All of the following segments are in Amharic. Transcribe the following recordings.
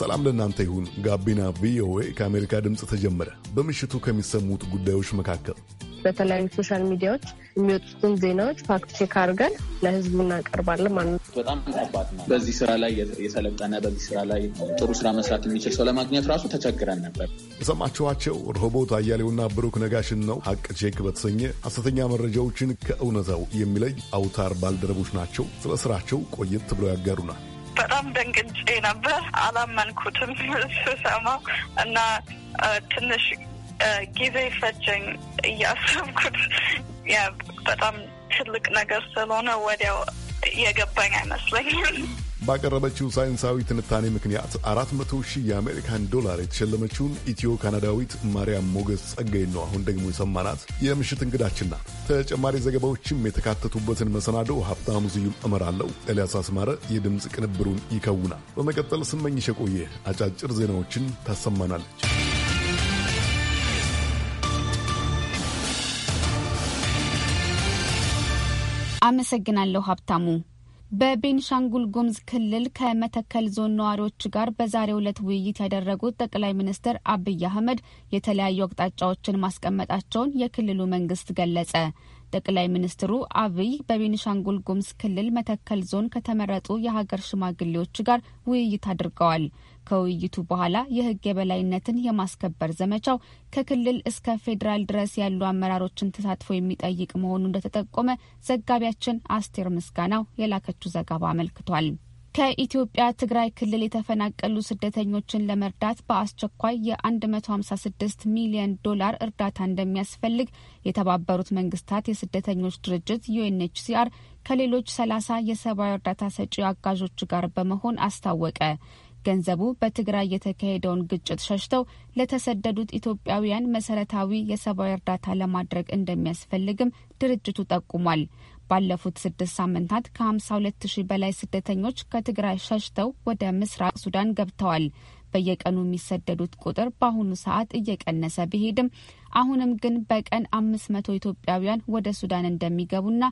ሰላም ለእናንተ ይሁን። ጋቢና ቪኦኤ ከአሜሪካ ድምፅ ተጀመረ። በምሽቱ ከሚሰሙት ጉዳዮች መካከል በተለያዩ ሶሻል ሚዲያዎች የሚወጡትን ዜናዎች ፋክት ቼክ አድርገን ለህዝቡ እናቀርባለን ማለት ነው። በጣም ከባድ ነው። በዚህ ስራ ላይ የሰለጠነ በዚህ ስራ ላይ ጥሩ ስራ መስራት የሚችል ሰው ለማግኘት ራሱ ተቸግረን ነበር። የሰማችኋቸው ሮቦት አያሌውና ብሩክ ነጋሽን ነው። ሀቅ ቼክ በተሰኘ ሐሰተኛ መረጃዎችን ከእውነታው የሚለይ አውታር ባልደረቦች ናቸው። ስለ ስራቸው ቆየት ብለው ያጋሩናል። በጣም ደንግጬ ነበር። አላመንኩትም ስሰማ እና ትንሽ ጊዜ ፈጀኝ እያሰብኩት። በጣም ትልቅ ነገር ስለሆነ ወዲያው የገባኝ አይመስለኝም። ባቀረበችው ሳይንሳዊ ትንታኔ ምክንያት 400 ሺህ የአሜሪካን ዶላር የተሸለመችውን ኢትዮ ካናዳዊት ማርያም ሞገስ ጸጋይ ነው። አሁን ደግሞ የሰማናት የምሽት እንግዳችን ናት። ተጨማሪ ዘገባዎችም የተካተቱበትን መሰናዶ ሀብታሙ ስዩም እመራለሁ። ኤልያስ አስማረ የድምፅ ቅንብሩን ይከውናል። በመቀጠል ስመኝሽ የቆየ አጫጭር ዜናዎችን ታሰማናለች። አመሰግናለሁ ሀብታሙ። በቤንሻንጉል ጉምዝ ክልል ከመተከል ዞን ነዋሪዎች ጋር በዛሬው ዕለት ውይይት ያደረጉት ጠቅላይ ሚኒስትር አብይ አህመድ የተለያዩ አቅጣጫዎችን ማስቀመጣቸውን የክልሉ መንግስት ገለጸ። ጠቅላይ ሚኒስትሩ አብይ በቤኒሻንጉል ጉምዝ ክልል መተከል ዞን ከተመረጡ የሀገር ሽማግሌዎች ጋር ውይይት አድርገዋል። ከውይይቱ በኋላ የሕግ የበላይነትን የማስከበር ዘመቻው ከክልል እስከ ፌዴራል ድረስ ያሉ አመራሮችን ተሳትፎ የሚጠይቅ መሆኑ እንደተጠቆመ ዘጋቢያችን አስቴር ምስጋናው የላከችው ዘገባ አመልክቷል። ከኢትዮጵያ ትግራይ ክልል የተፈናቀሉ ስደተኞችን ለመርዳት በአስቸኳይ የ156 ሚሊዮን ዶላር እርዳታ እንደሚያስፈልግ የተባበሩት መንግስታት የስደተኞች ድርጅት ዩኤንኤችሲአር ከሌሎች 30 የሰብአዊ እርዳታ ሰጪ አጋዦች ጋር በመሆን አስታወቀ። ገንዘቡ በትግራይ የተካሄደውን ግጭት ሸሽተው ለተሰደዱት ኢትዮጵያውያን መሰረታዊ የሰብአዊ እርዳታ ለማድረግ እንደሚያስፈልግም ድርጅቱ ጠቁሟል። ባለፉት ስድስት ሳምንታት ከ52 ሺህ በላይ ስደተኞች ከትግራይ ሸሽተው ወደ ምስራቅ ሱዳን ገብተዋል። በየቀኑ የሚሰደዱት ቁጥር በአሁኑ ሰዓት እየቀነሰ ቢሄድም አሁንም ግን በቀን አምስት መቶ ኢትዮጵያውያን ወደ ሱዳን እንደሚገቡና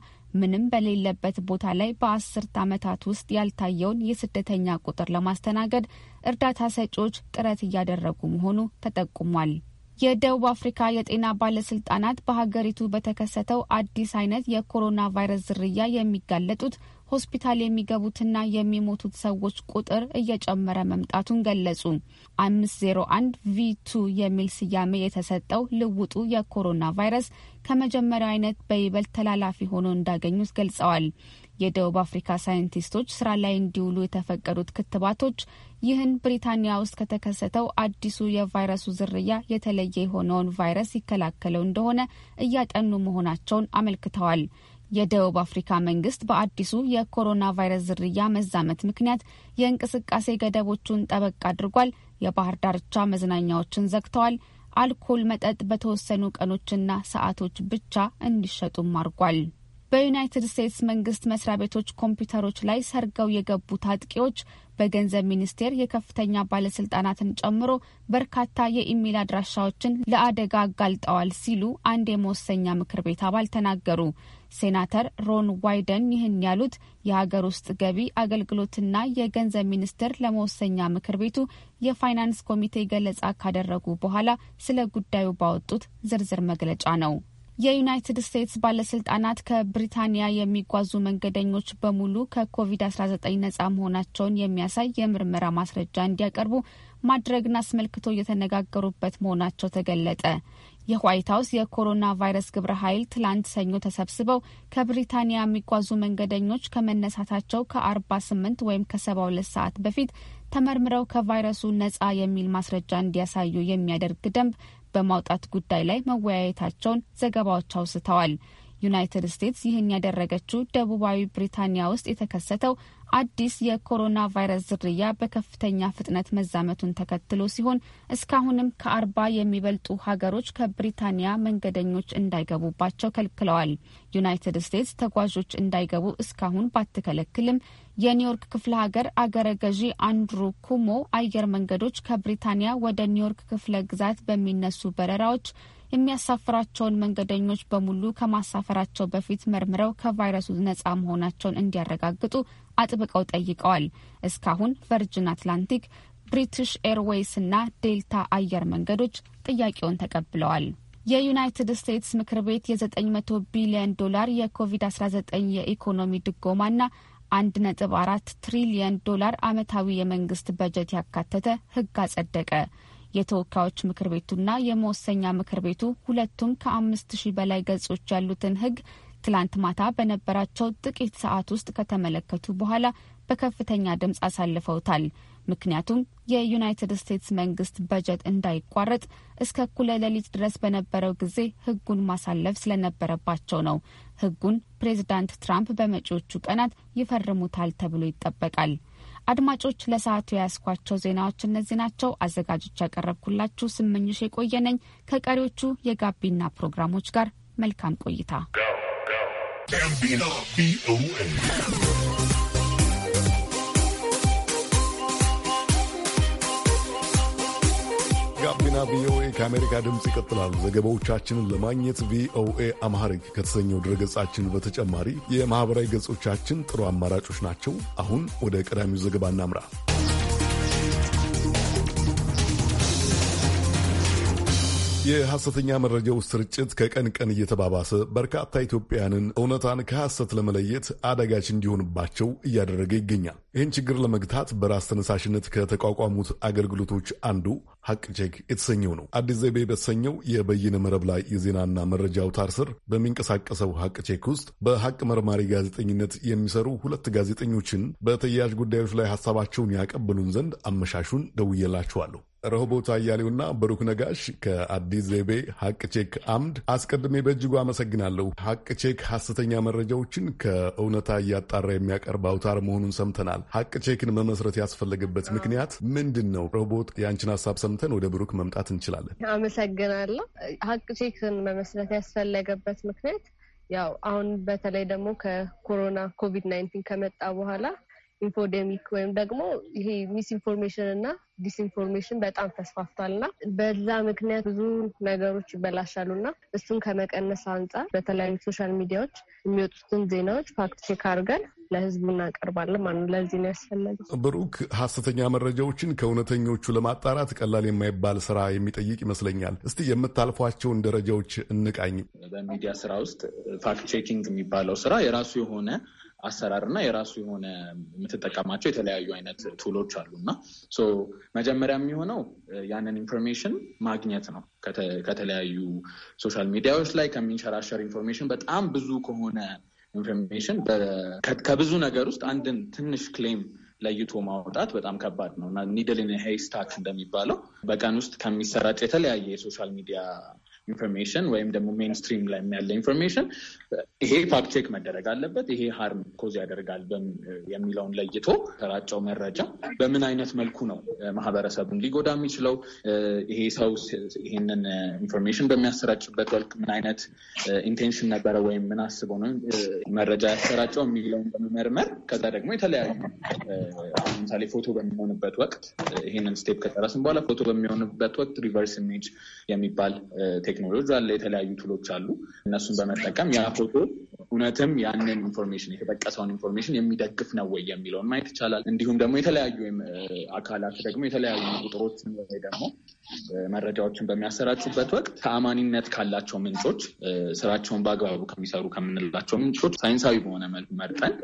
ምንም በሌለበት ቦታ ላይ በአስርት ዓመታት ውስጥ ያልታየውን የስደተኛ ቁጥር ለማስተናገድ እርዳታ ሰጪዎች ጥረት እያደረጉ መሆኑ ተጠቁሟል። የደቡብ አፍሪካ የጤና ባለስልጣናት በሀገሪቱ በተከሰተው አዲስ አይነት የኮሮና ቫይረስ ዝርያ የሚጋለጡት ሆስፒታል የሚገቡትና የሚሞቱት ሰዎች ቁጥር እየጨመረ መምጣቱን ገለጹ። አምስት ዜሮ አንድ ቪ ቱ የሚል ስያሜ የተሰጠው ልውጡ የኮሮና ቫይረስ ከመጀመሪያው አይነት በይበልጥ ተላላፊ ሆኖ እንዳገኙት ገልጸዋል። የደቡብ አፍሪካ ሳይንቲስቶች ስራ ላይ እንዲውሉ የተፈቀዱት ክትባቶች ይህን ብሪታንያ ውስጥ ከተከሰተው አዲሱ የቫይረሱ ዝርያ የተለየ የሆነውን ቫይረስ ይከላከለው እንደሆነ እያጠኑ መሆናቸውን አመልክተዋል። የደቡብ አፍሪካ መንግስት በአዲሱ የኮሮና ቫይረስ ዝርያ መዛመት ምክንያት የእንቅስቃሴ ገደቦቹን ጠበቅ አድርጓል። የባህር ዳርቻ መዝናኛዎችን ዘግተዋል። አልኮል መጠጥ በተወሰኑ ቀኖችና ሰዓቶች ብቻ እንዲሸጡም አድርጓል። በዩናይትድ ስቴትስ መንግስት መስሪያ ቤቶች ኮምፒውተሮች ላይ ሰርገው የገቡ ታጥቂዎች በገንዘብ ሚኒስቴር የከፍተኛ ባለስልጣናትን ጨምሮ በርካታ የኢሜል አድራሻዎችን ለአደጋ አጋልጠዋል ሲሉ አንድ የመወሰኛ ምክር ቤት አባል ተናገሩ። ሴናተር ሮን ዋይደን ይህን ያሉት የሀገር ውስጥ ገቢ አገልግሎትና የገንዘብ ሚኒስቴር ለመወሰኛ ምክር ቤቱ የፋይናንስ ኮሚቴ ገለጻ ካደረጉ በኋላ ስለ ጉዳዩ ባወጡት ዝርዝር መግለጫ ነው። የዩናይትድ ስቴትስ ባለስልጣናት ከብሪታንያ የሚጓዙ መንገደኞች በሙሉ ከኮቪድ-19 ነጻ መሆናቸውን የሚያሳይ የምርመራ ማስረጃ እንዲያቀርቡ ማድረግን አስመልክቶ እየተነጋገሩበት መሆናቸው ተገለጠ። የዋይት ሀውስ የኮሮና ቫይረስ ግብረ ኃይል ትላንት ሰኞ ተሰብስበው ከብሪታንያ የሚጓዙ መንገደኞች ከመነሳታቸው ከ48 ወይም ከ72 ሰዓት በፊት ተመርምረው ከቫይረሱ ነጻ የሚል ማስረጃ እንዲያሳዩ የሚያደርግ ደንብ በማውጣት ጉዳይ ላይ መወያየታቸውን ዘገባዎች አውስተዋል። ዩናይትድ ስቴትስ ይህን ያደረገችው ደቡባዊ ብሪታንያ ውስጥ የተከሰተው አዲስ የኮሮና ቫይረስ ዝርያ በከፍተኛ ፍጥነት መዛመቱን ተከትሎ ሲሆን እስካሁንም ከአርባ የሚበልጡ ሀገሮች ከብሪታንያ መንገደኞች እንዳይገቡባቸው ከልክለዋል። ዩናይትድ ስቴትስ ተጓዦች እንዳይገቡ እስካሁን ባትከለክልም የኒውዮርክ ክፍለ ሀገር አገረ ገዢ አንድሩ ኩሞ አየር መንገዶች ከብሪታንያ ወደ ኒውዮርክ ክፍለ ግዛት በሚነሱ በረራዎች የሚያሳፍራቸውን መንገደኞች በሙሉ ከማሳፈራቸው በፊት መርምረው ከቫይረሱ ነጻ መሆናቸውን እንዲያረጋግጡ አጥብቀው ጠይቀዋል። እስካሁን ቨርጅን አትላንቲክ፣ ብሪቲሽ ኤርዌይስ እና ዴልታ አየር መንገዶች ጥያቄውን ተቀብለዋል። የዩናይትድ ስቴትስ ምክር ቤት የ900 ቢሊዮን ዶላር የኮቪድ-19 የኢኮኖሚ ድጎማና አንድ 14 ትሪሊየን ዶላር አመታዊ የመንግስት በጀት ያካተተ ህግ አጸደቀ። የተወካዮች ምክር ቤቱና የመወሰኛ ምክር ቤቱ ሁለቱም ከአምስት ሺህ በላይ ገጾች ያሉትን ህግ ትላንት ማታ በነበራቸው ጥቂት ሰዓት ውስጥ ከተመለከቱ በኋላ በከፍተኛ ድምፅ አሳልፈውታል። ምክንያቱም የዩናይትድ ስቴትስ መንግስት በጀት እንዳይቋረጥ እስከ እኩለ ሌሊት ድረስ በነበረው ጊዜ ህጉን ማሳለፍ ስለነበረባቸው ነው። ህጉን ፕሬዚዳንት ትራምፕ በመጪዎቹ ቀናት ይፈርሙታል ተብሎ ይጠበቃል። አድማጮች ለሰዓቱ የያዝኳቸው ዜናዎች እነዚህ ናቸው። አዘጋጆች ያቀረብኩላችሁ ስመኝሽ የቆየ ነኝ። ከቀሪዎቹ የጋቢና ፕሮግራሞች ጋር መልካም ቆይታ። ጋቢና ቪኦኤ ከአሜሪካ ድምፅ ይቀጥላል። ዘገባዎቻችንን ለማግኘት ቪኦኤ አምሃሪክ ከተሰኘው ድረገጻችን በተጨማሪ የማኅበራዊ ገጾቻችን ጥሩ አማራጮች ናቸው። አሁን ወደ ቀዳሚው ዘገባ እናምራ። የሐሰተኛ መረጃው ስርጭት ከቀን ቀን እየተባባሰ በርካታ ኢትዮጵያውያንን እውነታን ከሐሰት ለመለየት አዳጋች እንዲሆንባቸው እያደረገ ይገኛል። ይህን ችግር ለመግታት በራስ ተነሳሽነት ከተቋቋሙት አገልግሎቶች አንዱ ሐቅ ቼክ የተሰኘው ነው። አዲስ ዘይቤ በተሰኘው የበይነ መረብ ላይ የዜናና መረጃ አውታር ስር በሚንቀሳቀሰው ሐቅ ቼክ ውስጥ በሐቅ መርማሪ ጋዜጠኝነት የሚሰሩ ሁለት ጋዜጠኞችን በተያያዥ ጉዳዮች ላይ ሐሳባቸውን ያቀብሉን ዘንድ አመሻሹን ደውየላቸዋለሁ። ረሆቦት አያሌውና ብሩክ ነጋሽ ከአዲስ ዘይቤ ሀቅ ቼክ አምድ አስቀድሜ በእጅጉ አመሰግናለሁ። ሀቅ ቼክ ሐሰተኛ መረጃዎችን ከእውነታ እያጣራ የሚያቀርብ አውታር መሆኑን ሰምተናል። ሀቅ ቼክን መመስረት ያስፈለገበት ምክንያት ምንድን ነው? ረሆቦት፣ የአንችን ሀሳብ ሰምተን ወደ ብሩክ መምጣት እንችላለን። አመሰግናለሁ። ሀቅ ቼክን መመስረት ያስፈለገበት ምክንያት ያው አሁን በተለይ ደግሞ ከኮሮና ኮቪድ ናይንቲን ከመጣ በኋላ ኢንፎደሚክ ወይም ደግሞ ይሄ ሚስኢንፎርሜሽን እና ዲስኢንፎርሜሽን በጣም ተስፋፍቷል እና በዛ ምክንያት ብዙ ነገሮች ይበላሻሉ እና እሱን ከመቀነስ አንጻር በተለያዩ ሶሻል ሚዲያዎች የሚወጡትን ዜናዎች ፋክት ቼክ አድርገን ለህዝቡ እናቀርባለን ማለት ለዚህ ነው ያስፈለገው። ብሩክ፣ ሀሰተኛ መረጃዎችን ከእውነተኞቹ ለማጣራት ቀላል የማይባል ስራ የሚጠይቅ ይመስለኛል። እስቲ የምታልፏቸውን ደረጃዎች እንቃኝ። በሚዲያ ስራ ውስጥ ፋክት ቼኪንግ የሚባለው ስራ የራሱ የሆነ አሰራር እና የራሱ የሆነ የምትጠቀማቸው የተለያዩ አይነት ቱሎች አሉ እና መጀመሪያ የሚሆነው ያንን ኢንፎርሜሽን ማግኘት ነው። ከተለያዩ ሶሻል ሚዲያዎች ላይ ከሚንሸራሸር ኢንፎርሜሽን በጣም ብዙ ከሆነ ኢንፎርሜሽን ከብዙ ነገር ውስጥ አንድን ትንሽ ክሌም ለይቶ ማውጣት በጣም ከባድ ነው እና ኒድል ኢን ሄይስታክ እንደሚባለው በቀን ውስጥ ከሚሰራጭ የተለያየ የሶሻል ሚዲያ ኢንፎርሜሽን ወይም ደግሞ ሜንስትሪም ላይ ያለ ኢንፎርሜሽን ይሄ ፋክቼክ መደረግ አለበት፣ ይሄ ሀርም ኮዝ ያደርጋል የሚለውን ለይቶ ተራጨው መረጃ በምን አይነት መልኩ ነው ማህበረሰቡን ሊጎዳ የሚችለው? ይሄ ሰው ይሄንን ኢንፎርሜሽን በሚያሰራጭበት ወቅት ምን አይነት ኢንቴንሽን ነበረ ወይም ምን አስበው ነው መረጃ ያሰራጨው የሚለውን በመመርመር ከዛ ደግሞ የተለያዩ ለምሳሌ ፎቶ በሚሆንበት ወቅት ይህንን ስቴፕ ከጨረስን በኋላ ፎቶ በሚሆንበት ወቅት ሪቨርስ ኢሜጅ የሚባል ቴክኖሎጂ አለ፣ የተለያዩ ቱሎች አሉ። እነሱን በመጠቀም ያ ፎቶ እውነትም ያንን ኢንፎርሜሽን የተጠቀሰውን ኢንፎርሜሽን የሚደግፍ ነው ወይ የሚለውን ማየት ይቻላል። እንዲሁም ደግሞ የተለያዩ አካላት ደግሞ የተለያዩ ቁጥሮችን ወይ ደግሞ መረጃዎችን በሚያሰራጩበት ወቅት ተአማኒነት ካላቸው ምንጮች፣ ስራቸውን በአግባቡ ከሚሰሩ ከምንላቸው ምንጮች ሳይንሳዊ በሆነ መልኩ መርጠን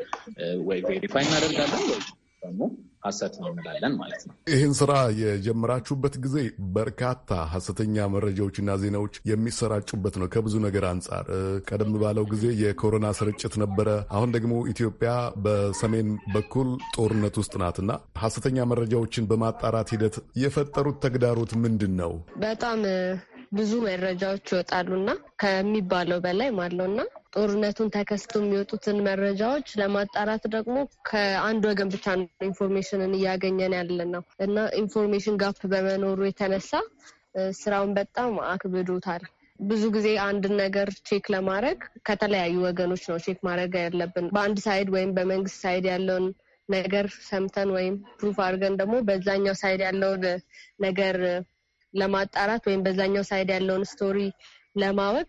ወይ ቬሪፋይ እናደርጋለን ወይ ደግሞ ሀሰት ነው እንላለን ማለት ነው። ይህን ስራ የጀመራችሁበት ጊዜ በርካታ ሀሰተኛ መረጃዎችና ዜናዎች የሚሰራጩበት ነው። ከብዙ ነገር አንጻር ቀደም ባለው ጊዜ የኮሮና ስርጭት ነበረ። አሁን ደግሞ ኢትዮጵያ በሰሜን በኩል ጦርነት ውስጥ ናትና ሀሰተኛ መረጃዎችን በማጣራት ሂደት የፈጠሩት ተግዳሮት ምንድን ነው? በጣም ብዙ መረጃዎች ይወጣሉና ከሚባለው በላይ ማለውና ጦርነቱን ተከስቶ የሚወጡትን መረጃዎች ለማጣራት ደግሞ ከአንድ ወገን ብቻ ነው ኢንፎርሜሽንን እያገኘን ያለ ነው እና ኢንፎርሜሽን ጋፕ በመኖሩ የተነሳ ስራውን በጣም አክብዶታል። ብዙ ጊዜ አንድን ነገር ቼክ ለማድረግ ከተለያዩ ወገኖች ነው ቼክ ማድረግ ያለብን። በአንድ ሳይድ ወይም በመንግስት ሳይድ ያለውን ነገር ሰምተን ወይም ፕሩፍ አድርገን ደግሞ በዛኛው ሳይድ ያለውን ነገር ለማጣራት ወይም በዛኛው ሳይድ ያለውን ስቶሪ ለማወቅ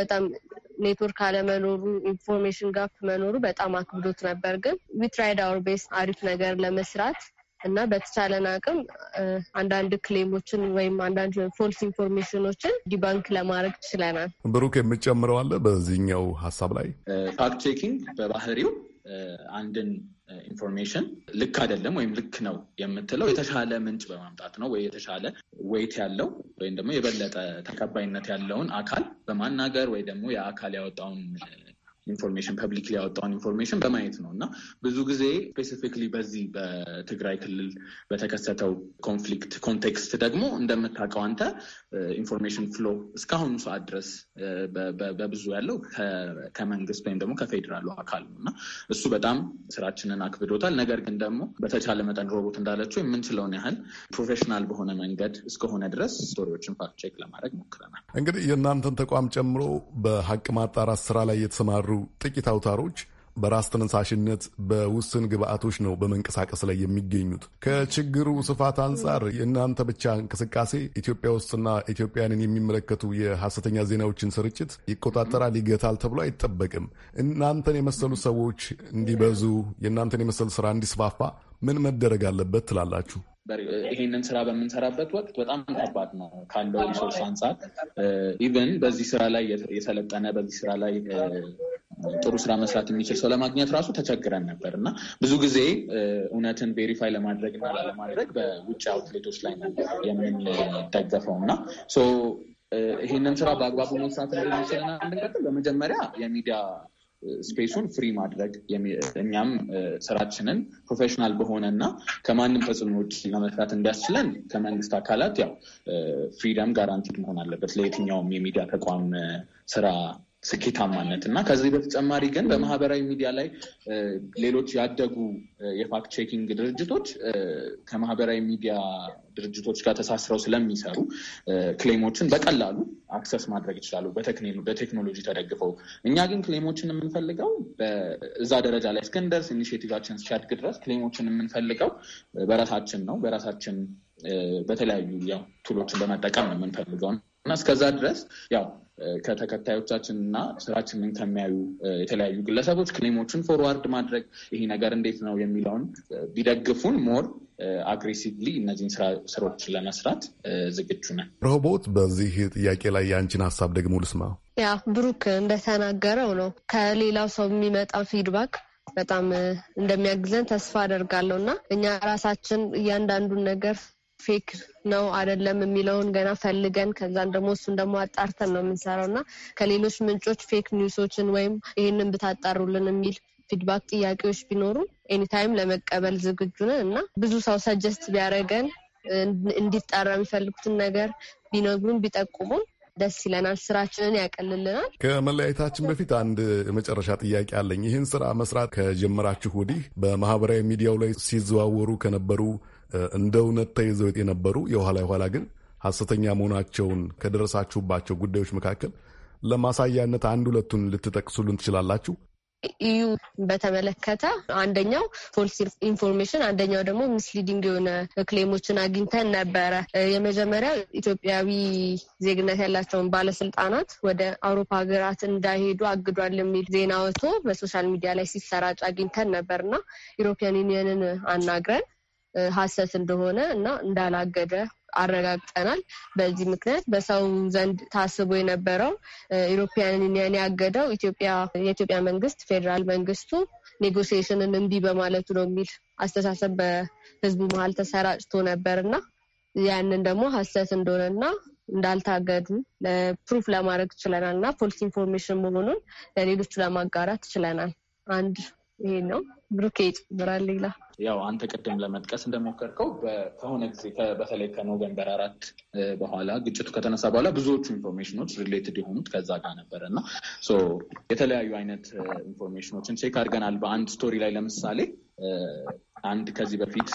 በጣም ኔትወርክ አለመኖሩ ኢንፎርሜሽን ጋፕ መኖሩ በጣም አክብዶት ነበር። ግን ዊትራይድ አውር ቤስ አሪፍ ነገር ለመስራት እና በተቻለን አቅም አንዳንድ ክሌሞችን ወይም አንዳንድ ፎልስ ኢንፎርሜሽኖችን ዲባንክ ለማድረግ ችለናል። ብሩክ የምጨምረው አለ በዚህኛው ሀሳብ ላይ ፋክት ቼኪንግ በባህሪው አንድን ኢንፎርሜሽን ልክ አይደለም ወይም ልክ ነው የምትለው የተሻለ ምንጭ በማምጣት ነው ወይ የተሻለ ወይት ያለው ወይም ደግሞ የበለጠ ተቀባይነት ያለውን አካል በማናገር ወይ ደግሞ የአካል ያወጣውን ኢንፎርሜሽን ፐብሊክሊ ያወጣውን ኢንፎርሜሽን በማየት ነው እና ብዙ ጊዜ ስፔሲፊክሊ በዚህ በትግራይ ክልል በተከሰተው ኮንፍሊክት ኮንቴክስት ደግሞ እንደምታውቀው አንተ ኢንፎርሜሽን ፍሎ እስካሁኑ ሰዓት ድረስ በብዙ ያለው ከመንግስት ወይም ደግሞ ከፌዴራሉ አካል ነው እና እሱ በጣም ስራችንን አክብዶታል። ነገር ግን ደግሞ በተቻለ መጠን ሮቦት እንዳለችው የምንችለውን ያህል ፕሮፌሽናል በሆነ መንገድ እስከሆነ ድረስ ስቶሪዎችን ፋክት ቼክ ለማድረግ ሞክረናል። እንግዲህ የእናንተን ተቋም ጨምሮ በሀቅ ማጣራት ስራ ላይ የተሰማሩ ጥቂት አውታሮች በራስ ተነሳሽነት በውስን ግብአቶች ነው በመንቀሳቀስ ላይ የሚገኙት። ከችግሩ ስፋት አንጻር የእናንተ ብቻ እንቅስቃሴ ኢትዮጵያ ውስጥና ኢትዮጵያንን የሚመለከቱ የሐሰተኛ ዜናዎችን ስርጭት ይቆጣጠራል፣ ይገታል ተብሎ አይጠበቅም። እናንተን የመሰሉ ሰዎች እንዲበዙ፣ የእናንተን የመሰሉ ስራ እንዲስፋፋ ምን መደረግ አለበት ትላላችሁ? ይሄንን ስራ በምንሰራበት ወቅት በጣም ከባድ ነው ካለው ሪሶርስ አንጻር። ኢቨን በዚህ ስራ ላይ የሰለጠነ በዚህ ስራ ላይ ጥሩ ስራ መስራት የሚችል ሰው ለማግኘት ራሱ ተቸግረን ነበር እና ብዙ ጊዜ እውነትን ቬሪፋይ ለማድረግ እና ላለማድረግ በውጭ አውትሌቶች ላይ ነው የምንደገፈው እና ይህንን ስራ በአግባቡ መስራት እንደሚችልና እንድንቀጥል በመጀመሪያ የሚዲያ ስፔሱን ፍሪ ማድረግ እኛም ስራችንን ፕሮፌሽናል በሆነ እና ከማንም ተጽዕኖ ውጭ ለመስራት እንዲያስችለን ከመንግስት አካላት ያው ፍሪደም ጋራንቲድ መሆን አለበት ለየትኛውም የሚዲያ ተቋም ስራ ስኬታማነት እና ከዚህ በተጨማሪ ግን በማህበራዊ ሚዲያ ላይ ሌሎች ያደጉ የፋክት ቼኪንግ ድርጅቶች ከማህበራዊ ሚዲያ ድርጅቶች ጋር ተሳስረው ስለሚሰሩ ክሌሞችን በቀላሉ አክሰስ ማድረግ ይችላሉ፣ በቴክኖሎጂ ተደግፈው። እኛ ግን ክሌሞችን የምንፈልገው እዛ ደረጃ ላይ እስክንደርስ ኢኒሽቲቫችን ሲያድግ ድረስ ክሌሞችን የምንፈልገው በራሳችን ነው። በራሳችን በተለያዩ ቱሎችን በመጠቀም ነው የምንፈልገው እና እስከዛ ድረስ ያው ከተከታዮቻችን እና ስራችንን ከሚያዩ የተለያዩ ግለሰቦች ክሌሞችን ፎርዋርድ ማድረግ ይሄ ነገር እንዴት ነው የሚለውን ቢደግፉን ሞር አግሬሲቭሊ እነዚህን ስራዎች ለመስራት ዝግጁ ነን። ሮቦት፣ በዚህ ጥያቄ ላይ የአንቺን ሀሳብ ደግሞ ልስማ። ያ ብሩክ እንደተናገረው ነው ከሌላው ሰው የሚመጣው ፊድባክ በጣም እንደሚያግዘን ተስፋ አደርጋለሁ እና እኛ ራሳችን እያንዳንዱን ነገር ፌክ ነው አይደለም የሚለውን ገና ፈልገን ከዛን ደግሞ እሱን ደግሞ አጣርተን ነው የምንሰራው እና ከሌሎች ምንጮች ፌክ ኒውሶችን ወይም ይህንን ብታጣሩልን የሚል ፊድባክ ጥያቄዎች ቢኖሩ ኤኒታይም ለመቀበል ዝግጁ ነን እና ብዙ ሰው ሰጀስት ቢያደረገን እንዲጣራ የሚፈልጉትን ነገር ቢነግሩን ቢጠቁሙን ደስ ይለናል። ስራችንን ያቀልልናል። ከመለያየታችን በፊት አንድ የመጨረሻ ጥያቄ አለኝ። ይህን ስራ መስራት ከጀመራችሁ ወዲህ በማህበራዊ ሚዲያው ላይ ሲዘዋወሩ ከነበሩ እንደ እውነት ተይዘው የነበሩ የኋላ የኋላ ግን ሐሰተኛ መሆናቸውን ከደረሳችሁባቸው ጉዳዮች መካከል ለማሳያነት አንድ ሁለቱን ልትጠቅሱልን ትችላላችሁ? ኢዩ በተመለከተ አንደኛው ፎልስ ኢንፎርሜሽን፣ አንደኛው ደግሞ ሚስሊዲንግ የሆነ ክሌሞችን አግኝተን ነበረ። የመጀመሪያው ኢትዮጵያዊ ዜግነት ያላቸውን ባለስልጣናት ወደ አውሮፓ ሀገራት እንዳይሄዱ አግዷል የሚል ዜና ወጥቶ በሶሻል ሚዲያ ላይ ሲሰራጭ አግኝተን ነበርና ዩሮፒያን ዩኒየንን አናግረን ሀሰት እንደሆነ እና እንዳላገደ አረጋግጠናል። በዚህ ምክንያት በሰው ዘንድ ታስቦ የነበረው ኢሮፒያን ዩኒየን ያገደው የኢትዮጵያ መንግስት ፌዴራል መንግስቱ ኔጎሲዬሽንን እምቢ በማለቱ ነው የሚል አስተሳሰብ በህዝቡ መሀል ተሰራጭቶ ነበር እና ያንን ደግሞ ሀሰት እንደሆነና እንዳልታገዱ ፕሩፍ ለማድረግ ችለናል እና ፖሊስ ኢንፎርሜሽን መሆኑን ለሌሎቹ ለማጋራት ችለናል። አንድ ይሄ ነው። ብሩኬ ይጨምራል። ሌላ ያው አንተ ቅድም ለመጥቀስ እንደሞከርከው ከሆነ ጊዜ በተለይ ከኖቨምበር አራት በኋላ ግጭቱ ከተነሳ በኋላ ብዙዎቹ ኢንፎርሜሽኖች ሪሌትድ የሆኑት ከዛ ጋር ነበር እና የተለያዩ አይነት ኢንፎርሜሽኖችን ቼክ አድርገናል። በአንድ ስቶሪ ላይ ለምሳሌ አንድ ከዚህ በፊት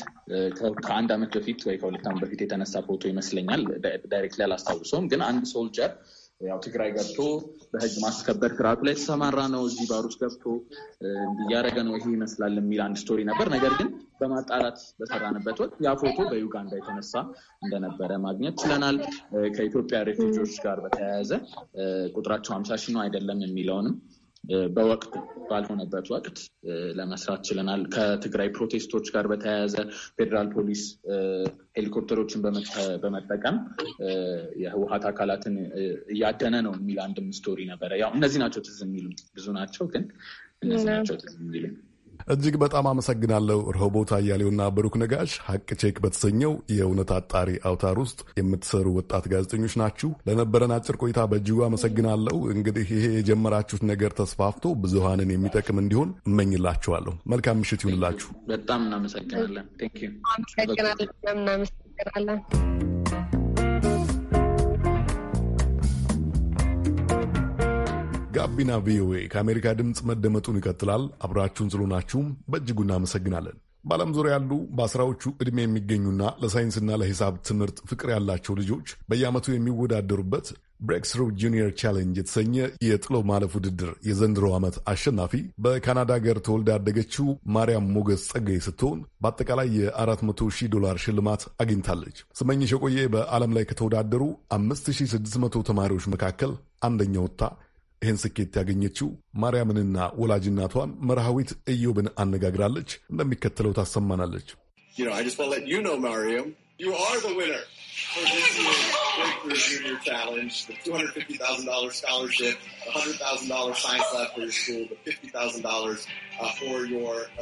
ከአንድ ዓመት በፊት ወይ ከሁለት ዓመት በፊት የተነሳ ፎቶ ይመስለኛል። ዳይሬክት ላይ አላስታውሰውም፣ ግን አንድ ሶልጀር ያው ትግራይ ገብቶ በህግ ማስከበር ስርዓቱ ላይ ተሰማራ ነው። እዚህ ውስጥ ገብቶ እያደረገ ነው ይሄ ይመስላል የሚል አንድ ስቶሪ ነበር። ነገር ግን በማጣራት በሰራንበት ወቅት ያ ፎቶ በዩጋንዳ የተነሳ እንደነበረ ማግኘት ችለናል። ከኢትዮጵያ ሬፊጂዎች ጋር በተያያዘ ቁጥራቸው ሀምሳ ሺህ ነው አይደለም የሚለውንም በወቅት ባልሆነበት ወቅት ለመስራት ችለናል። ከትግራይ ፕሮቴስቶች ጋር በተያያዘ ፌዴራል ፖሊስ ሄሊኮፕተሮችን በመጠቀም የህወሀት አካላትን እያደነ ነው የሚል አንድም ስቶሪ ነበረ። ያው እነዚህ ናቸው ትዝ የሚሉ ብዙ ናቸው፣ ግን እነዚህ ናቸው ትዝ የሚሉ እጅግ በጣም አመሰግናለሁ። ረሆቦት አያሌውና ብሩክ ነጋሽ ሀቅ ቼክ በተሰኘው የእውነት አጣሪ አውታር ውስጥ የምትሰሩ ወጣት ጋዜጠኞች ናችሁ። ለነበረን አጭር ቆይታ በእጅጉ አመሰግናለሁ። እንግዲህ ይሄ የጀመራችሁት ነገር ተስፋፍቶ ብዙሃንን የሚጠቅም እንዲሆን እመኝላችኋለሁ። መልካም ምሽት ይሁንላችሁ። በጣም እናመሰግናለን። ጋቢና ቪኦኤ ከአሜሪካ ድምፅ መደመጡን ይቀጥላል። አብራችሁን ስለሆናችሁም በእጅጉ እናመሰግናለን። በዓለም ዙሪያ ያሉ በአስራዎቹ ዕድሜ የሚገኙና ለሳይንስና ለሂሳብ ትምህርት ፍቅር ያላቸው ልጆች በየዓመቱ የሚወዳደሩበት ብሬክስሩ ጁኒየር ቻሌንጅ የተሰኘ የጥሎ ማለፍ ውድድር የዘንድሮ ዓመት አሸናፊ በካናዳ ሀገር ተወልዳ ያደገችው ማርያም ሞገስ ጸገይ ስትሆን በአጠቃላይ የ400 ሺህ ዶላር ሽልማት አግኝታለች። ስመኝሽ የቆየ በዓለም ላይ ከተወዳደሩ 5600 ተማሪዎች መካከል አንደኛ ወጥታ ይህን ስኬት ያገኘችው ማርያምንና ወላጅ እናቷን መርሃዊት እዮብን አነጋግራለች። እንደሚከተለው ታሰማናለች። Junior Challenge, the $250,000 scholarship, $100,000 science lab for your school, the $50,000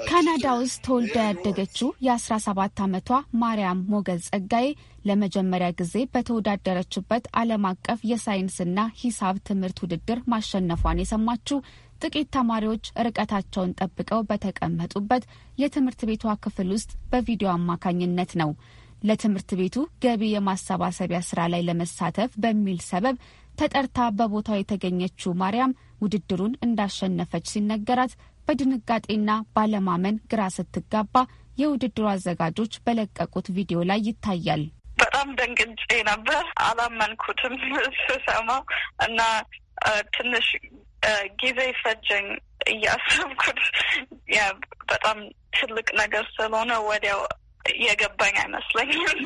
ካናዳ ውስጥ ተወልዳ ያደገችው የ17 ዓመቷ ማርያም ሞገዝ ጸጋዬ ለመጀመሪያ ጊዜ በተወዳደረችበት ዓለም አቀፍ የሳይንስና ሂሳብ ትምህርት ውድድር ማሸነፏን የሰማችው ጥቂት ተማሪዎች ርቀታቸውን ጠብቀው በተቀመጡበት የትምህርት ቤቷ ክፍል ውስጥ በቪዲዮ አማካኝነት ነው። ለትምህርት ቤቱ ገቢ የማሰባሰቢያ ስራ ላይ ለመሳተፍ በሚል ሰበብ ተጠርታ በቦታው የተገኘችው ማርያም ውድድሩን እንዳሸነፈች ሲነገራት በድንጋጤና ባለማመን ግራ ስትጋባ የውድድሩ አዘጋጆች በለቀቁት ቪዲዮ ላይ ይታያል። በጣም ደንግጬ ነበር። አላመንኩትም ስሰማው እና ትንሽ ጊዜ ፈጀኝ እያሰብኩት። በጣም ትልቅ ነገር ስለሆነ ወዲያው የገባኝ አይመስለኝም።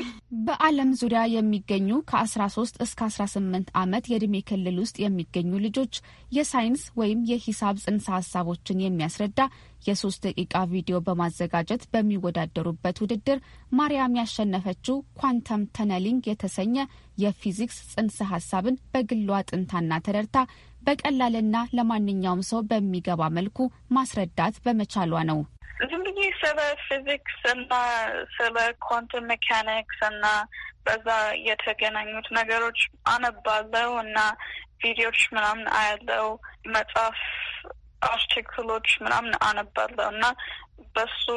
በዓለም ዙሪያ የሚገኙ ከአስራ ሶስት እስከ አስራ ስምንት ዓመት የእድሜ ክልል ውስጥ የሚገኙ ልጆች የሳይንስ ወይም የሂሳብ ጽንሰ ሀሳቦችን የሚያስረዳ የሶስት ደቂቃ ቪዲዮ በማዘጋጀት በሚወዳደሩበት ውድድር ማርያም ያሸነፈችው ኳንተም ተነሊንግ የተሰኘ የፊዚክስ ጽንሰ ሀሳብን በግሏ ጥንታና ተረድታ በቀላልና ለማንኛውም ሰው በሚገባ መልኩ ማስረዳት በመቻሏ ነው። ዝም ብዬ ስለ ፊዚክስ እና ስለ ኳንተም ሜካኒክስ እና በዛ የተገናኙት ነገሮች አነባለው እና ቪዲዮዎች ምናምን አያለው መጽሐፍ አርቲክሎች ምናምን አነባለው እና በሱ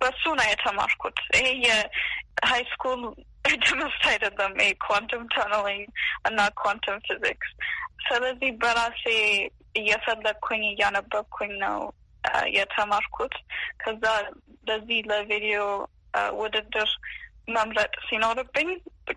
በሱ ነው የተማርኩት። ይሄ የሀይ ስኩል ትምህርት አይደለም። ይሄ ኳንቱም ተነሊንግ እና ኳንቱም ፊዚክስ። ስለዚህ በራሴ እየፈለግኩኝ እያነበብኩኝ ነው የተማርኩት። ከዛ ለዚህ ለቪዲዮ ውድድር መምረጥ ሲኖርብኝ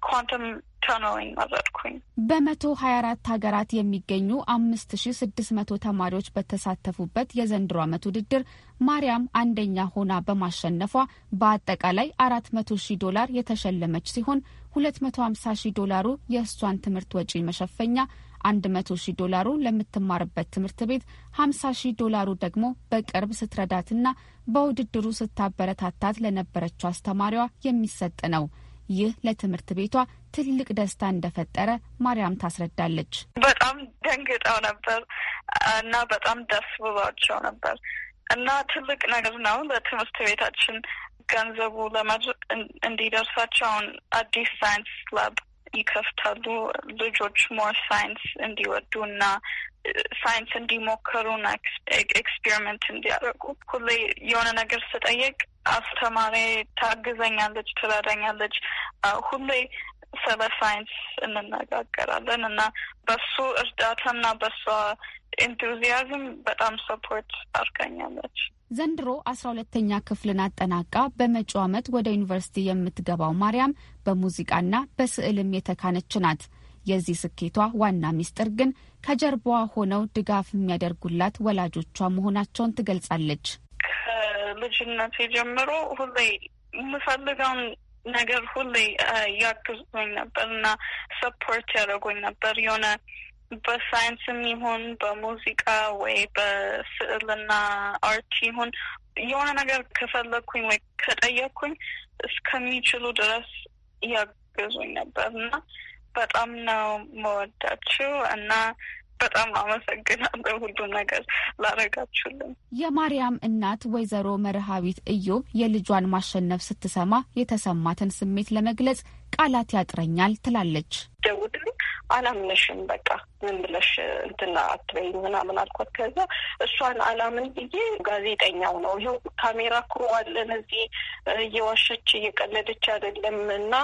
ኳንተም ተነወኝ መረጥኩኝ። በመቶ ሀያ አራት ሀገራት የሚገኙ አምስት ሺ ስድስት መቶ ተማሪዎች በተሳተፉበት የዘንድሮ ዓመት ውድድር ማርያም አንደኛ ሆና በማሸነፏ በአጠቃላይ አራት መቶ ሺህ ዶላር የተሸለመች ሲሆን ሁለት መቶ ሀምሳ ሺህ ዶላሩ የእሷን ትምህርት ወጪ መሸፈኛ 100,000 ዶላሩ ለምትማርበት ትምህርት ቤት 50,000 ዶላሩ ደግሞ በቅርብ ስትረዳትና በውድድሩ ስታበረታታት ለነበረችው አስተማሪዋ የሚሰጥ ነው። ይህ ለትምህርት ቤቷ ትልቅ ደስታ እንደፈጠረ ማርያም ታስረዳለች። በጣም ደንግጠው ነበር እና በጣም ደስ ብሏቸው ነበር እና ትልቅ ነገር ነው ለትምህርት ቤታችን ገንዘቡ እንዲደርሳቸውን አዲስ ሳይንስ ላብ ይከፍታሉ። ልጆች ሞር ሳይንስ እንዲወዱ እና ሳይንስ እንዲሞክሩና ኤክስፔሪመንት እንዲያደርጉ ሁሌ የሆነ ነገር ስጠየቅ አስተማሪ ታግዘኛለች፣ ትረዳኛለች። ሁሌ ስለ ሳይንስ እንነጋገራለን እና በሱ እርዳታና በሷ ኢንቱዚያዝም በጣም ሰፖርት አድርጋኛለች። ዘንድሮ አስራ ሁለተኛ ክፍልን አጠናቃ በመጪው ዓመት ወደ ዩኒቨርሲቲ የምትገባው ማርያም በሙዚቃና በስዕልም የተካነች ናት። የዚህ ስኬቷ ዋና ሚስጥር ግን ከጀርባዋ ሆነው ድጋፍ የሚያደርጉላት ወላጆቿ መሆናቸውን ትገልጻለች። ከልጅነቴ ጀምሮ ሁሌ የምፈልገውን ነገር ሁሌ ያግዙኝ ነበር እና ሰፖርት ያደርጉኝ ነበር የሆነ በሳይንስም ይሁን በሙዚቃ ወይ በስዕልና አርት ይሁን የሆነ ነገር ከፈለግኩኝ ወይ ከጠየቅኩኝ እስከሚችሉ ድረስ እያገዙኝ ነበር እና በጣም ነው መወዳችው እና በጣም አመሰግናለሁ ሁሉም ነገር ላረጋችሁልን። የማርያም እናት ወይዘሮ መርሃዊት እዮብ የልጇን ማሸነፍ ስትሰማ የተሰማትን ስሜት ለመግለጽ ቃላት ያጥረኛል ትላለች። ደውድል አላምነሽም በቃ ምን ብለሽ እንትና አትበይ ምናምን አልኳት። ከዛ እሷን አላምን ብዬ ጋዜጠኛው ነው ይኸው ካሜራ ክሩ አለን እዚህ እየዋሸች እየቀለደች አይደለም እና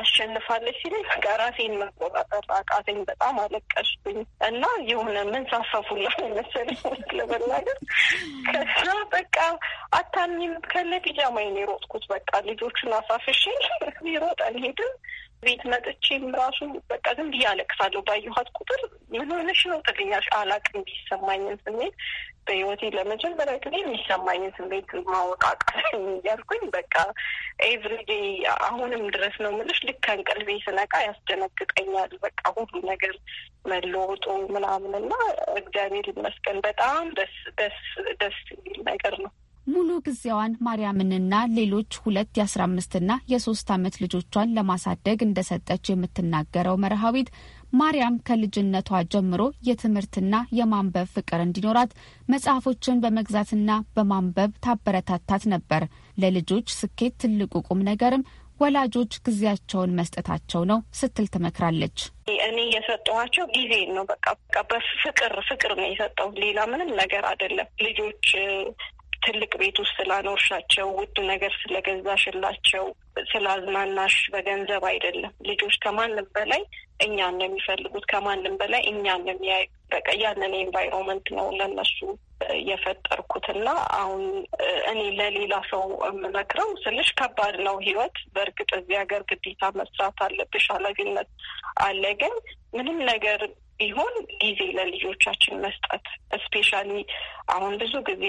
አሸንፋለች ሲለኝ በቃ ራሴን መቆጣጠር አቃተኝ። በጣም አለቀስኩኝ እና የሆነ ምን መንሳፈፉላ መሰለኝ ለመናገር ከዛ በቃ አታሚም ከነ ፒጃማዬን የሮጥኩት በቃ ልጆቹን አሳፍሼ ሮጠን ሄድን። ቤት መጥቼም ራሱ በቃ ዝም ብዬ አለቅሳለሁ። ባየኋት ቁጥር ምን ሆነሽ ነው ትለኛለሽ። አላቅም ቢሰማኝን ስሜት በህይወቴ ለመጀመሪያ ጊዜ የሚሰማኝን ስሜት ማወቃቀል እያልኩኝ በቃ ኤቭሪዴ አሁንም ድረስ ነው የምልሽ። ልክ ከእንቅልቤ ስነቃ ያስደነግጠኛል። በቃ ሁሉ ነገር መለወጡ ምናምን እና እግዚአብሔር ይመስገን በጣም ደስ ደስ ደስ የሚል ነገር ነው። ሙሉ ጊዜዋን ማርያምንና ሌሎች ሁለት የአስራ አምስትና የሶስት ዓመት ልጆቿን ለማሳደግ እንደሰጠች የምትናገረው መርሃዊት ማርያም ከልጅነቷ ጀምሮ የትምህርትና የማንበብ ፍቅር እንዲኖራት መጽሐፎችን በመግዛትና በማንበብ ታበረታታት ነበር። ለልጆች ስኬት ትልቁ ቁም ነገርም ወላጆች ጊዜያቸውን መስጠታቸው ነው ስትል ትመክራለች። እኔ የሰጠኋቸው ጊዜ ነው። በቃ በፍቅር ፍቅር ነው የሰጠው ሌላ ምንም ነገር አይደለም። ልጆች ትልቅ ቤት ውስጥ ስላኖርሻቸው፣ ውድ ነገር ስለገዛሽላቸው፣ ስላዝናናሽ በገንዘብ አይደለም። ልጆች ከማንም በላይ እኛን ነው የሚፈልጉት። ከማንም በላይ እኛን ነው የሚያዩ። በቃ ያንን ኤንቫይሮንመንት ነው ለነሱ የፈጠርኩት እና አሁን እኔ ለሌላ ሰው የምመክረው ስልሽ ከባድ ነው ህይወት። በእርግጥ እዚህ ሀገር ግዴታ መስራት አለብሽ፣ ኃላፊነት አለ። ግን ምንም ነገር ቢሆን ጊዜ ለልጆቻችን መስጠት እስፔሻሊ አሁን ብዙ ጊዜ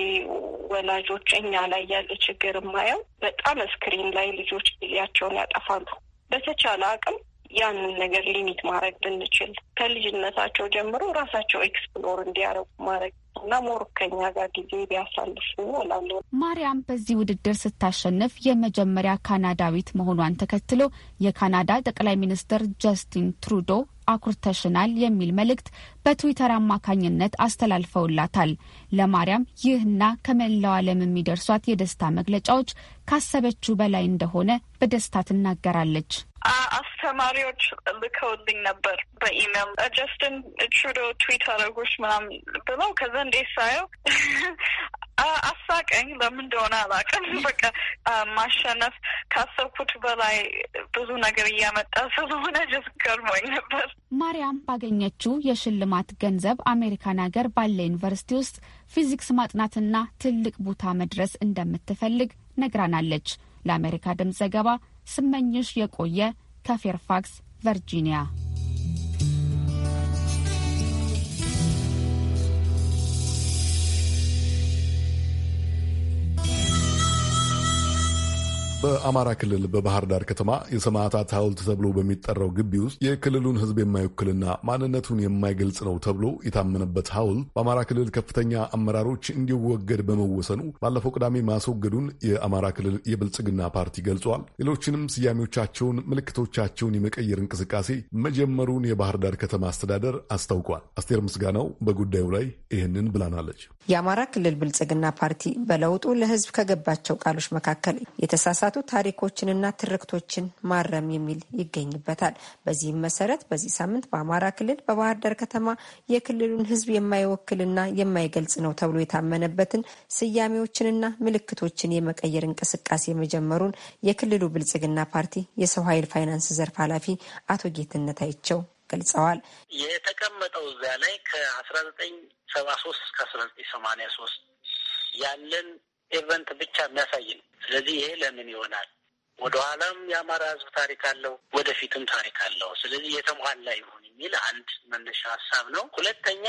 ወላጆች እኛ ላይ ያለ ችግር የማየው በጣም ስክሪን ላይ ልጆች ጊዜያቸውን ያጠፋሉ። በተቻለ አቅም ያንን ነገር ሊሚት ማድረግ ብንችል ከልጅነታቸው ጀምሮ ራሳቸው ኤክስፕሎር እንዲያደርጉ ማድረግ እና ሞር ከኛ ጋር ጊዜ ቢያሳልፉ እላለሁ። ማርያም በዚህ ውድድር ስታሸንፍ የመጀመሪያ ካናዳዊት መሆኗን ተከትሎ የካናዳ ጠቅላይ ሚኒስትር ጀስቲን ትሩዶ አኩርተሽናል የሚል መልእክት በትዊተር አማካኝነት አስተላልፈውላታል። ለማርያም ይህና ከመላው ዓለም የሚደርሷት የደስታ መግለጫዎች ካሰበችው በላይ እንደሆነ በደስታ ትናገራለች። አስተማሪዎች ልከውልኝ ነበር በኢሜል ጀስትን ትሩዶ ትዊት አደረጎች ምናምን ብለው ከዛ እንዴት ሳየው አሳቀኝ። ለምን እንደሆነ አላውቅም። በቃ ማሸነፍ ካሰብኩት በላይ ብዙ ነገር እያመጣ ስለሆነ ጀስት ገርሞኝ ነበር። ማርያም ባገኘችው የሽልማት ገንዘብ አሜሪካን ሀገር ባለ ዩኒቨርሲቲ ውስጥ ፊዚክስ ማጥናትና ትልቅ ቦታ መድረስ እንደምትፈልግ ነግራናለች። ለአሜሪካ ድምፅ ዘገባ ስመኝሽ የቆየ ከፌርፋክስ ቨርጂኒያ በአማራ ክልል በባህር ዳር ከተማ የሰማዕታት ሐውልት ተብሎ በሚጠራው ግቢ ውስጥ የክልሉን ሕዝብ የማይወክልና ማንነቱን የማይገልጽ ነው ተብሎ የታመነበት ሐውልት በአማራ ክልል ከፍተኛ አመራሮች እንዲወገድ በመወሰኑ ባለፈው ቅዳሜ ማስወገዱን የአማራ ክልል የብልጽግና ፓርቲ ገልጿል። ሌሎችንም ስያሜዎቻቸውን፣ ምልክቶቻቸውን የመቀየር እንቅስቃሴ መጀመሩን የባህር ዳር ከተማ አስተዳደር አስታውቋል። አስቴር ምስጋናው በጉዳዩ ላይ ይህንን ብላናለች። የአማራ ክልል ብልጽግና ፓርቲ በለውጡ ለሕዝብ ከገባቸው ቃሎች መካከል የተሳሳ የተውጣጡ ታሪኮችንና ትርክቶችን ማረም የሚል ይገኝበታል። በዚህም መሰረት በዚህ ሳምንት በአማራ ክልል በባህር ዳር ከተማ የክልሉን ሕዝብ የማይወክልና የማይገልጽ ነው ተብሎ የታመነበትን ስያሜዎችንና ምልክቶችን የመቀየር እንቅስቃሴ መጀመሩን የክልሉ ብልጽግና ፓርቲ የሰው ኃይል ፋይናንስ ዘርፍ ኃላፊ አቶ ጌትነት አይቸው ገልጸዋል። የተቀመጠው እዚያ ላይ ከአስራ ዘጠኝ ሰባ ሶስት እስከ አስራ ዘጠኝ ሰማኒያ ሶስት ያለን ኢቨንት ብቻ የሚያሳይ ነው። ስለዚህ ይሄ ለምን ይሆናል? ወደኋላም የአማራ ህዝብ ታሪክ አለው፣ ወደፊትም ታሪክ አለው። ስለዚህ የተሟላ ይሆን የሚል አንድ መነሻ ሀሳብ ነው። ሁለተኛ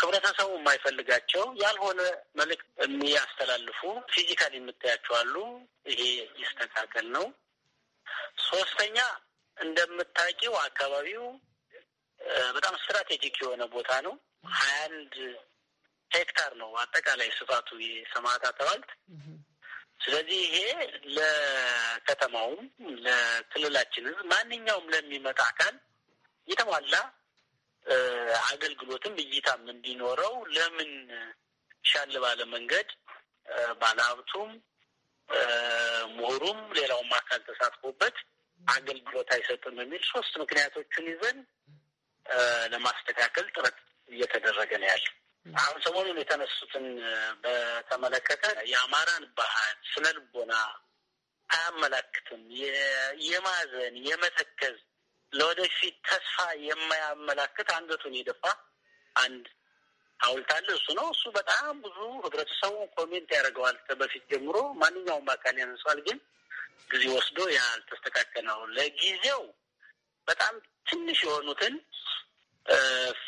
ህብረተሰቡ የማይፈልጋቸው ያልሆነ መልእክት የሚያስተላልፉ ፊዚካል የምታያቸው አሉ። ይሄ ይስተካከል ነው። ሶስተኛ እንደምታውቂው አካባቢው በጣም ስትራቴጂክ የሆነ ቦታ ነው። ሀያ አንድ ሄክታር ነው አጠቃላይ ስፋቱ የሰማዕታት ሐውልት። ስለዚህ ይሄ ለከተማውም ለክልላችን ማንኛውም ለሚመጣ አካል የተሟላ አገልግሎትም እይታም እንዲኖረው ለምን ሻል ባለ መንገድ ባለሀብቱም ምሁሩም ሌላውም አካል ተሳትፎበት አገልግሎት አይሰጥም የሚል ሶስት ምክንያቶችን ይዘን ለማስተካከል ጥረት እየተደረገ ነው ያለው። አሁን ሰሞኑን የተነሱትን በተመለከተ የአማራን ባህል ስነ ልቦና አያመላክትም። የማዘን የመተከዝ፣ ለወደፊት ተስፋ የማያመላክት አንገቱን የደፋ አንድ ሐውልት አለ። እሱ ነው። እሱ በጣም ብዙ ህብረተሰቡ ኮሜንት ያደርገዋል። በፊት ጀምሮ ማንኛውም አካል ያነሷል። ግን ጊዜ ወስዶ ያልተስተካከለው ለጊዜው በጣም ትንሽ የሆኑትን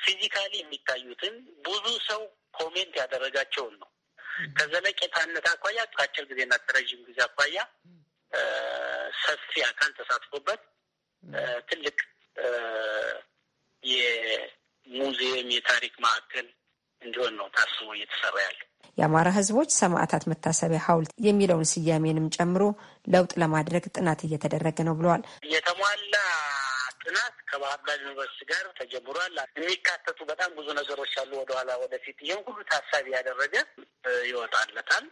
ፊዚካሊ የሚታዩትን ብዙ ሰው ኮሜንት ያደረጋቸውን ነው። ከዘለቄታነት አኳያ ከአጭር ጊዜና ከረዥም ጊዜ አኳያ ሰፊ አካል ተሳትፎበት ትልቅ የሙዚየም የታሪክ ማዕከል እንዲሆን ነው ታስቦ እየተሰራ ያለ። የአማራ ሕዝቦች ሰማዕታት መታሰቢያ ሐውልት የሚለውን ስያሜንም ጨምሮ ለውጥ ለማድረግ ጥናት እየተደረገ ነው ብለዋል። የተሟላ ጥናት ከባህር ዳር ዩኒቨርሲቲ ጋር ተጀምሯል። የሚካተቱ በጣም ብዙ ነገሮች አሉ። ወደኋላ ወደፊት ይህን ሁሉ ታሳቢ ያደረገ ይወጣለታል።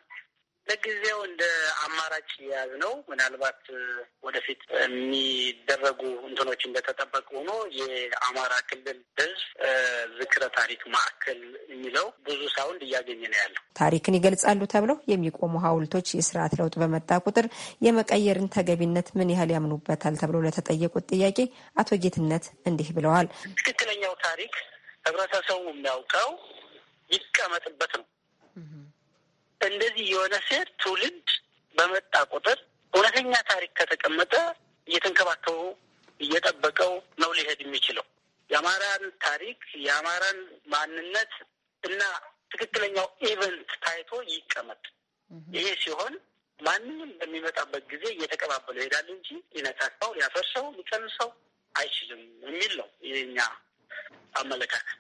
ለጊዜው እንደ አማራጭ የያዝ ነው። ምናልባት ወደፊት የሚደረጉ እንትኖች እንደተጠበቁ ሆኖ የአማራ ክልል ሕዝብ ዝክረ ታሪክ ማዕከል የሚለው ብዙ ሳውንድ እያገኘ ነው ያለው። ታሪክን ይገልጻሉ ተብለው የሚቆሙ ሐውልቶች የስርዓት ለውጥ በመጣ ቁጥር የመቀየርን ተገቢነት ምን ያህል ያምኑበታል ተብለው ለተጠየቁት ጥያቄ አቶ ጌትነት እንዲህ ብለዋል። ትክክለኛው ታሪክ ህብረተሰቡ የሚያውቀው ይቀመጥበት ነው እንደዚህ የሆነ ሴት ትውልድ በመጣ ቁጥር እውነተኛ ታሪክ ከተቀመጠ እየተንከባከቡ እየጠበቀው ነው ሊሄድ የሚችለው። የአማራን ታሪክ የአማራን ማንነት እና ትክክለኛው ኢቨንት ታይቶ ይቀመጥ። ይሄ ሲሆን ማንም በሚመጣበት ጊዜ እየተቀባበለ ይሄዳል እንጂ ሊነካካው፣ ሊያፈርሰው፣ ሊቀንሰው አይችልም የሚል ነው የኛ አመለካከት።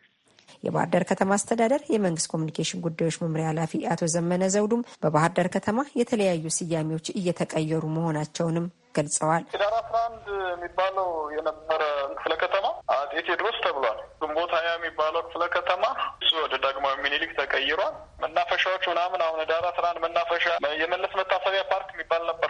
የባህር ዳር ከተማ አስተዳደር የመንግስት ኮሚኒኬሽን ጉዳዮች መምሪያ ኃላፊ አቶ ዘመነ ዘውዱም በባህር ዳር ከተማ የተለያዩ ስያሜዎች እየተቀየሩ መሆናቸውንም ገልጸዋል። ህዳር አስራ አንድ የሚባለው የነበረ ክፍለ ከተማ አጤ ቴዎድሮስ ተብሏል። ግንቦት ሀያ የሚባለው ክፍለ ከተማ እሱ ወደ ዳግማዊ ሚኒሊክ ተቀይሯል። መናፈሻዎች ምናምን አሁን ህዳር አስራ አንድ መናፈሻ የመለስ መታሰቢያ ፓርክ የሚባል ነበር።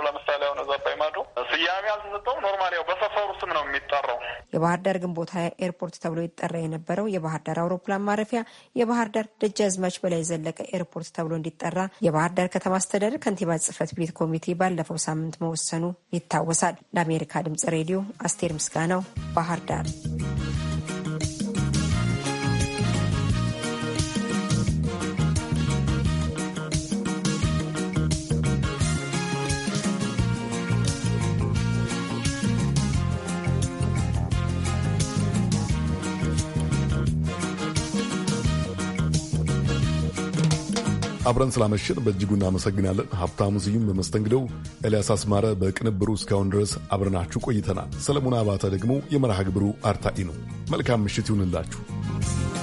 ያልተሰጠው ኖርማል ያው በሰፈሩ ስም ነው የሚጠራው። የባህር ዳር ግንቦት ሀያ ኤርፖርት ተብሎ ይጠራ የነበረው የባህር ዳር አውሮፕላን ማረፊያ የባህር ዳር ደጃዝማች በላይ ዘለቀ ኤርፖርት ተብሎ እንዲጠራ የባህር ዳር ከተማ አስተዳደር ከንቲባ ጽህፈት ቤት ኮሚቴ ባለፈው ሳምንት መወሰኑ ይታወሳል። ለአሜሪካ ድምጽ ሬዲዮ አስቴር ምስጋናው ባህር ዳር አብረን ስላመሸን በእጅጉ እናመሰግናለን። ሀብታሙ ስዩም በመስተንግደው፣ ኤልያስ አስማረ በቅንብሩ እስካሁን ድረስ አብረናችሁ ቆይተናል። ሰለሞን አባተ ደግሞ የመርሃ ግብሩ አርታኢ ነው። መልካም ምሽት ይሁንላችሁ።